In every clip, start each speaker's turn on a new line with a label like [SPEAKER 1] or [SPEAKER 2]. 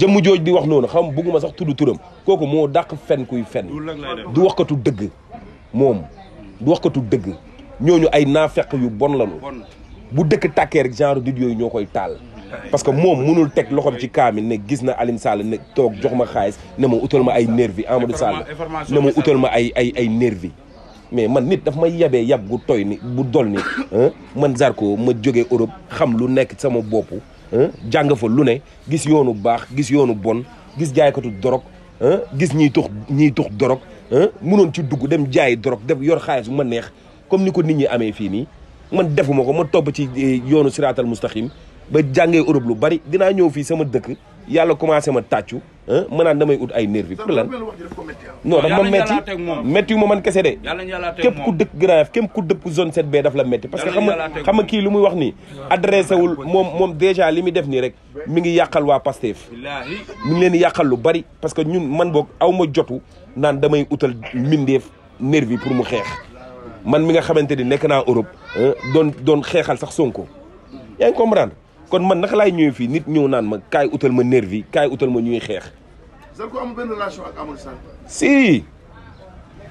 [SPEAKER 1] jëmm jooj di wax noonu xam bugguma sax tudd turam kooku moo dàq fen kuy fen du waxkatu dëgg moom du waxkatu dëgg ñooñu ay naafeq yu bon lañu bu dëkk tàkkee rek genre did yooyu ñoo koy taal parce que moom mënul teg loxoom ci kaamil ne gis na Alioune Sall ne toog jox ma xaalis ne ma utal ma ay nervi Amadou Sall ne ma utal ma ay ay ay nervi mais man nit dafa may yabee yab gu toy ni bu dol ni man ko ma jógee Europe xam lu nekk sama bopp jàng fa lu ne gis yoonu baax gis yoonu bon gis jaaykatu dorog gis ñiy tux ñiy tux dorog munoon ci dugg dem jaay dorog def yor xaalis ma neex comme ni ko nit ñi amee fii nii man defuma ko ma topp ci eh, yoonu siraatal mustaqim ba jàngee Europe lu bari dinaa ñëw fii sama dëkk yàlla commencé ma tàccu ma naan damay ut ay nervi pour lan non daf ma metti metti yu ma man kese de képp ku dëkk Grand Yoff képp ku dëkk zone 7B daf la metti parce que xam nga xam nga kii lu muy wax nii adressé wul moom moom déjà li muy def nii rek mi ngi yàqal waa Pastef mi ngi leen di yàqal lu bari parce que ñun man boog aw ma jotu naan damay utal mbindeef nervi pour mu xeex man mi nga xamante ni nekk naa Europe doon doon xeexal sax Sonko yaa kon man naka lay ñëw fi nit ñëw naan ma kay outal ma nervi kay outal ma ñuy xeex.
[SPEAKER 2] Zarko am ben relation ak Amadou Sall.
[SPEAKER 1] si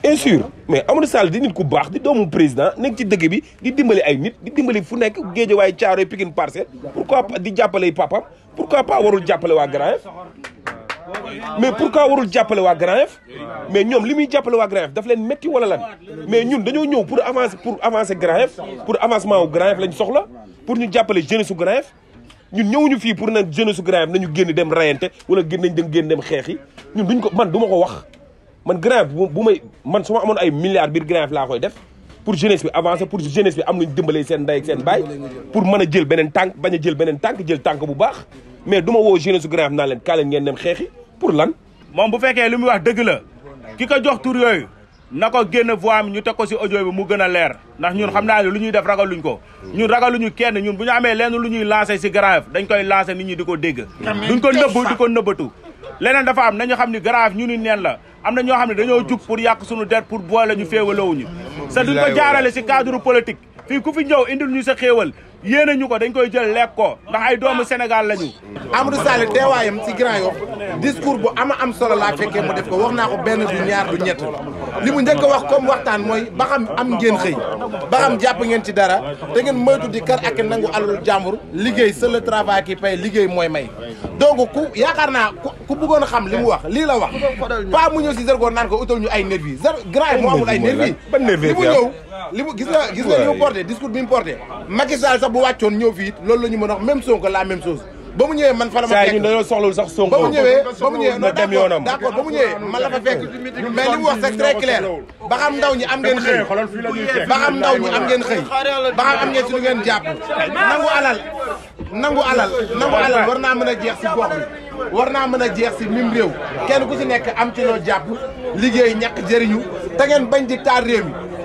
[SPEAKER 1] bien sûr mais Amadou Sall di nit ku baax di doomu président nek ci dëgg bi di dimbali ay nit di dimbali fu nekk Guédiawaye Thiaroye Pikine parcel pourquoi pas di jappalé papam pourquoi pas warul jappalé wa Grand Yoff mais pourquoi warul jappalé wa Grand Yoff mais ñom limuy jappalé wa waa Grand Yoff daf leen metti wala lan mais ñun dañoo ñëw pour avancer pour avancer Grand Yoff pour avancement wu Grand Yoff lañ soxla pour ñu jappalé jeunesse su Grand Yoff ñun ñëwuñu fii pour na jeunesse su Grand Yoff nañu génn dem rayante wala génn nañ dem génn dem xeex yi ñun duñ ko man duma ko wax man Grand Yoff bu may man su ma amoon ay milliards biir Grand laa koy def pour jeunesse bi avancer pour jeunesse bi am luñ dimbalee seen ndey ak seen baay pour mën a jël beneen tànk bañ a jël beneen tànk jël tànk bu baax mais du ma woo jeunesse su Grand naa leen kaa leen ngeen dem xeexi yi pour lan moom bu fekkee li muy wax dëgg la ki ko jox tur yooyu na ko génn voix am ñu teg ko si audio bi mu gën a leer ndax ñun xam naa ne lu ñuy def ragaluñ ko ñun luñu kenn ñun bu ñu amee lenn lu ñuy lancé si grave dañ koy lancé nit ñi di ko dégg duñ ko nëbb di ko nëbbatu leneen dafa am nañu xam ni grave ñu ni neen la am na ñoo xam ne dañoo jug pour yàq suñu der pour boole ñu féewalawuñu sa duñ ko jaarale si cadre politique
[SPEAKER 2] fii ku fi ñëw indil ñu sa xéewal yéene ñu ko dañ koy jël lekk ko ndax ay doomu Sénégal la ñu. Amadou Sall teewaayam ci Grand Yoff discours bu ama am solo laa fekkee mu def ko wax naa ko benn du ñaar du ñett li mu njëkk a wax comme waxtaan mooy ba xam am ngeen xëy ba xam jàpp ngeen ci dara te ngeen moytu di kar ak nangu alul jàmbur liggéey c'est le travail qui paye liggéey mooy may. donc ku yaakaar naa ku bëggoon xam li mu wax lii la wax. pa mu ñëw si Zarko ay nervi yi Zar Grand Yoff moo ay nervi yi. nervi li mu gis nga gis nga li mu porté discours bi mu porté Macky Sall sax bu wàccoon ñëw fii loolu la ñu mën a wax même Sonko la même chose ba mu ñëwee man fa la ma fekk ñun dañoo soxlawul sax Sonko ba mu ñëwee ba mu ñëwee na dem yoonam li mu wax c'est très clair ba xam ndaw ñi am ngeen xëy ba xam am ngeen si lu ngeen jàpp nangu alal nangu alal war naa mën a jeex si gox bi war naa mën a jeex si mim réew kenn ku si nekk am ci loo jàpp liggéey ñàkk jëriñu te ngeen bañ di taal réew mi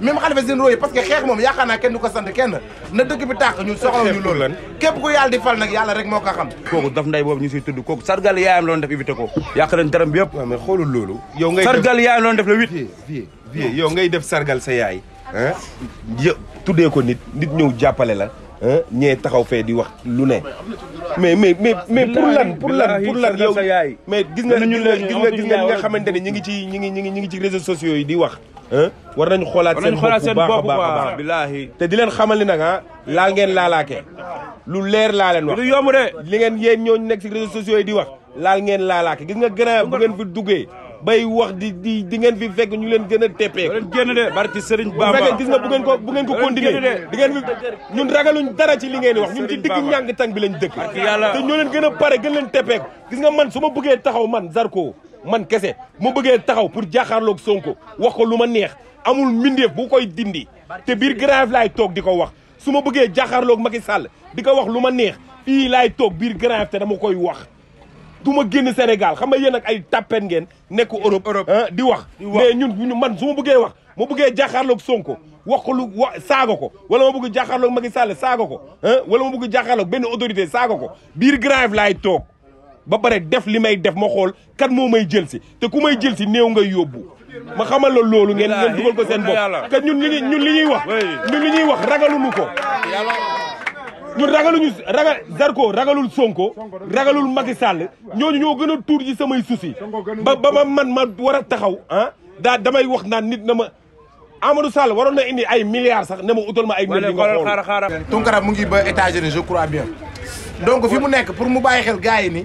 [SPEAKER 2] même xalifa généraux yi parce que xeex moom yaakaar naa kenn du ko sant kenn na dëkk bi tàq ñun soxla ñu loolu képp ku yàlla di fal nag yàlla rek moo ko xam kooku daf nday boobu ñu siy tudd kooku sargal yaayam loon def
[SPEAKER 1] def la huit vie ngay def sargal sa yaay yë tuddee ko nit nit ñëw jàppale la ñee taxaw fee di wax lu ne mais mais mais mais pour lan pour lan pour lan yow gis nga gis nga gis nga gis ñi ngi ci ñi ngi ñi ngi ñi ngi ci réseaux sociaux yi di wax war nañu xoolaat seen bopp bu baax a baax te di leen xamal ni nag ah, laa ngeen laalaake lu leer laa leen wax du yomb li ngeen yéen ñooñu nekk si réseaux sociaux yi di wax laal ngeen laalaake gis nga gën bu ngeen fi duggee bay wax di di di ngeen fi fekk ñu leen gën a teppee génn de barki Sëriñ Bamba fekkee gis nga bu ngeen ko bu ngeen ko continuer di ngeen fi ñun ragaluñ dara ci li ngeen di wax ñun ci digg ñàng tang bi lañ dëkk te ñoo leen gën a pare gën leen teppeeku gis nga man su ma buggee taxaw man Zarko man kese ma bëggee taxaw pour jàkkaarloog Sonko wax ko lu ma neex amul mbindeef bu koy dindi te biir grave laay toog di ko wax su ma bëggee jàkkaarloog Macky Sall di ko wax lu ma neex fii laay toog biir grave te dama koy wax du ma génn Sénégal xam nga yéen ak ay tappet ngeen nekk Europe ah, di wax mais ñun ñu man su ma bëggee wax ma bëggee jàkkaarloog Sonko wax ko lu wa saaga ko wala ma bëgg jàkkaarloog Macky Sall saaga ko ah, wala ma bëgg jàkkaarloog benn autorité saaga ko biir grave laay toog ba pare def li may def ma xool kan moo may jël si te ku may jël si néew ngay yóbbu ma xamal la loolu ngeen ngeen dugal ko seen bopp que ñun li ñun li ñuy wax ñun li ñuy wax ragaluñu ko ñun ragaluñu ragal Zarko ragalul Sonko ragalul Macky Sall ñooñu ñoo gën a tuur ci samay soucis ba ba ma man ma war a taxaw ah daa damay wax naan nit na ma Amadou Sall waroon na indi ay milliar sax ne ma
[SPEAKER 2] utal ma ay milliards nga xool Tunkara mu ngi ba États-Unis je bien donc fi mu nekk pour mu bàyyi xel gars yi ni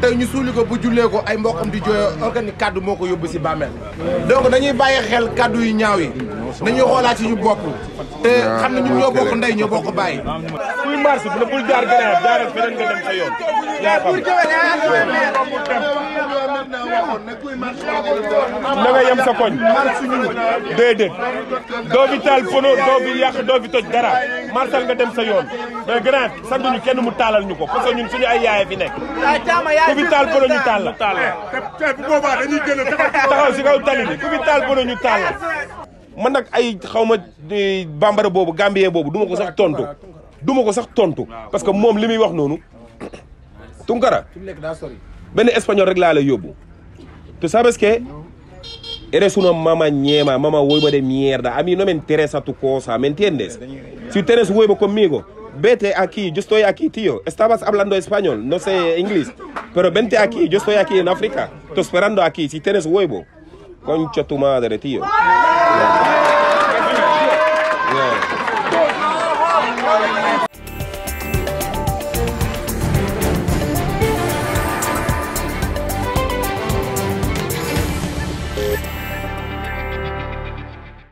[SPEAKER 2] tey ñu suuli ko bu jullee ko ay mbokkam di jooyoo organique kaddu moo ko yóbbu si bàmmeel donc dañuy bàyyi xel kaddu yu ñaaw yi nañuy xoolaat si ñu bopp te xam ne ñun ñoo bokk ndey ñoo bokk bàyyi. kuy mars bu la bul jaar gànnaar jaaral feneen nga dem sa na nga yem sa koñ déedéet
[SPEAKER 1] doo fi taal pono doo fi yàq doo fi toj dara maa marsal nga dem sa yoon mais grand santuñu kenn mu taalal ñu ko parce que ñun suñu ay yaay fi nekk ku fi taal pono ñu taal la taxaw si kaw tali bi ku ñu taal la man nag ay xaw ma bambara boobu gambien boobu duma ko sax tontu duma ko sax tontu parce que moom li muy wax noonu Tunkara Ven español, regla tú sabes qué? eres una mamá ñema mamá huevo de mierda a mí no me interesa tu cosa me entiendes si tienes huevo conmigo vete aquí yo estoy aquí tío estabas hablando español no sé inglés pero vente aquí yo estoy aquí en África estoy esperando aquí si tienes huevo concha tu madre tío